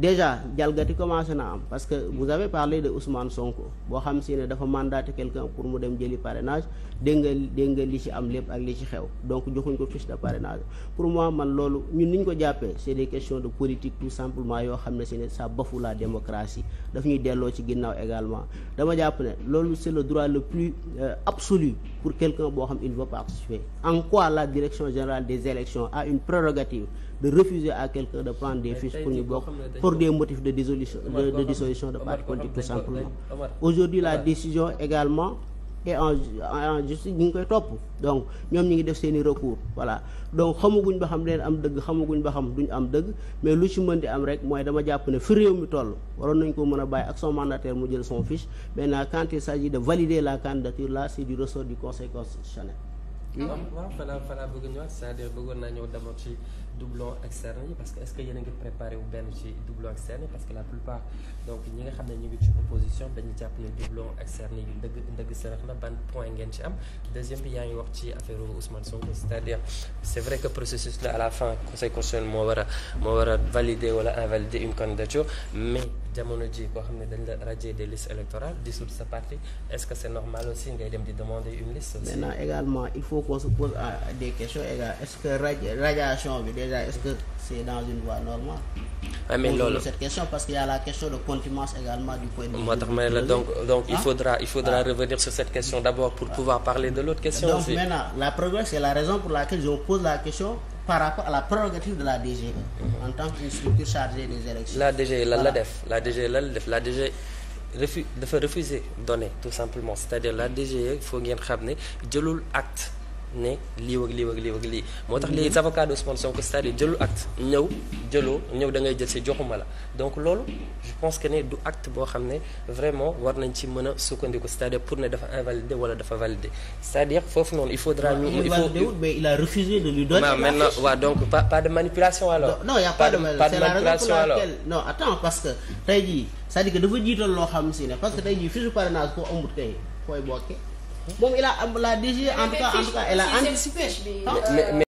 déjà jalgati commencé na am parce que vous avez parlé de Ousmane Sonko boo xam si ne dafa mandaté quelqu'un pour mu dem jëli parrainage dégg nga dégg nga li ci am lépp ak li ci xew donc joxuñ ko fiche de parrainage pour moi man loolu ñun niñ ko jàppee c'est des questions de politique tout simplement yoo xam ne si ne ça bafoue la démocratie daf ñuy delloo ci ginnaaw également dama jàpp ne loolu c'est le droit le plus euh, absolu pour quelqu'un boo xam il veut participer en quoi la direction des élections a une prérogative de refuser à quelqu'un de prendre des fiches pour ñu bokk pour des motifs de dissolution de, dissolution de parti politique tout simplement aujourd'hui la décision également et en en justice ñu ngi koy topp donc ñoom ñu ngi def seen i recours voilà donc xamaguñ ba xam leen am dëgg xamaguñ ba xam duñ am dëgg mais lu ci mën di am rek mooy dama jàpp ne fi réew mi toll waroon nañ ko mën a bàyyi ak son mandataire mu jël son fiche maintenant quand il s'agit de valider la candidature waaw waaw fa laa fa a ñëwaat c'est-à-dire bëggoon naa ñëw demoon ci doublon ak cerne yi parce que est-ce que yéen a préparé wu benn ci doublon ak cerne yi parce que la plupart donc ñi nga xam ne ñu ngi ci opposition dañu jàpp ne doublon ak cerne yi ndëgg ndëgg sërëx la ban point ngeen ci am deuxième bi yaa ngi wax ci affaire Ousmane Sonko c'est-à-dire c'est vrai que processus la à la fin conseil constitutionnel moo war a moo war a valider wala invalider une candidature mais jamono ji koo xam ne dañ la radier est-ce que c'est normal aussi demander une liste aussi maintenant également il faut qu'on se pose euh, des questions est-ce que c'est dans une voie normale ah, mais loolu cette question parce qu'il y a la question de contumace également du point de vue moo donc il faudra il ah. revenir sur cette question d'abord pour pouvoir parler de l'autre question aussi la progrès c'est la raison pour laquelle je par rapport à la prérogative de la DGE. en tant qu'une structure chargée des élections. la DGE lan e, la def la DGE lan la def la DGE refu dafa refuser donner tout simplement c'est-à-dire la DGE foo ngeen xam ne jëlul acte. ne lii ak lii ak lii ak moo tax les avocats de Ousmane Sonko c'est-à-dire jëlu acte ñëw jëloo ñëw da ngay jël si joxuma la donc loolu je pense que ne du act boo xam ne vraiment war nañ ci mën a sukkandiku cest pour ne dafa invalider wala dafa valider c'est-à-dire foofu noonu il faudra ñu il faut mais a refusé de lui donner waaw de manipulation alors non y a pas de manipulation alors non que tey jii cest à loo xam si ne parce que tey jii fiche parrainage ko moom il a la DG en tout cas en tout cas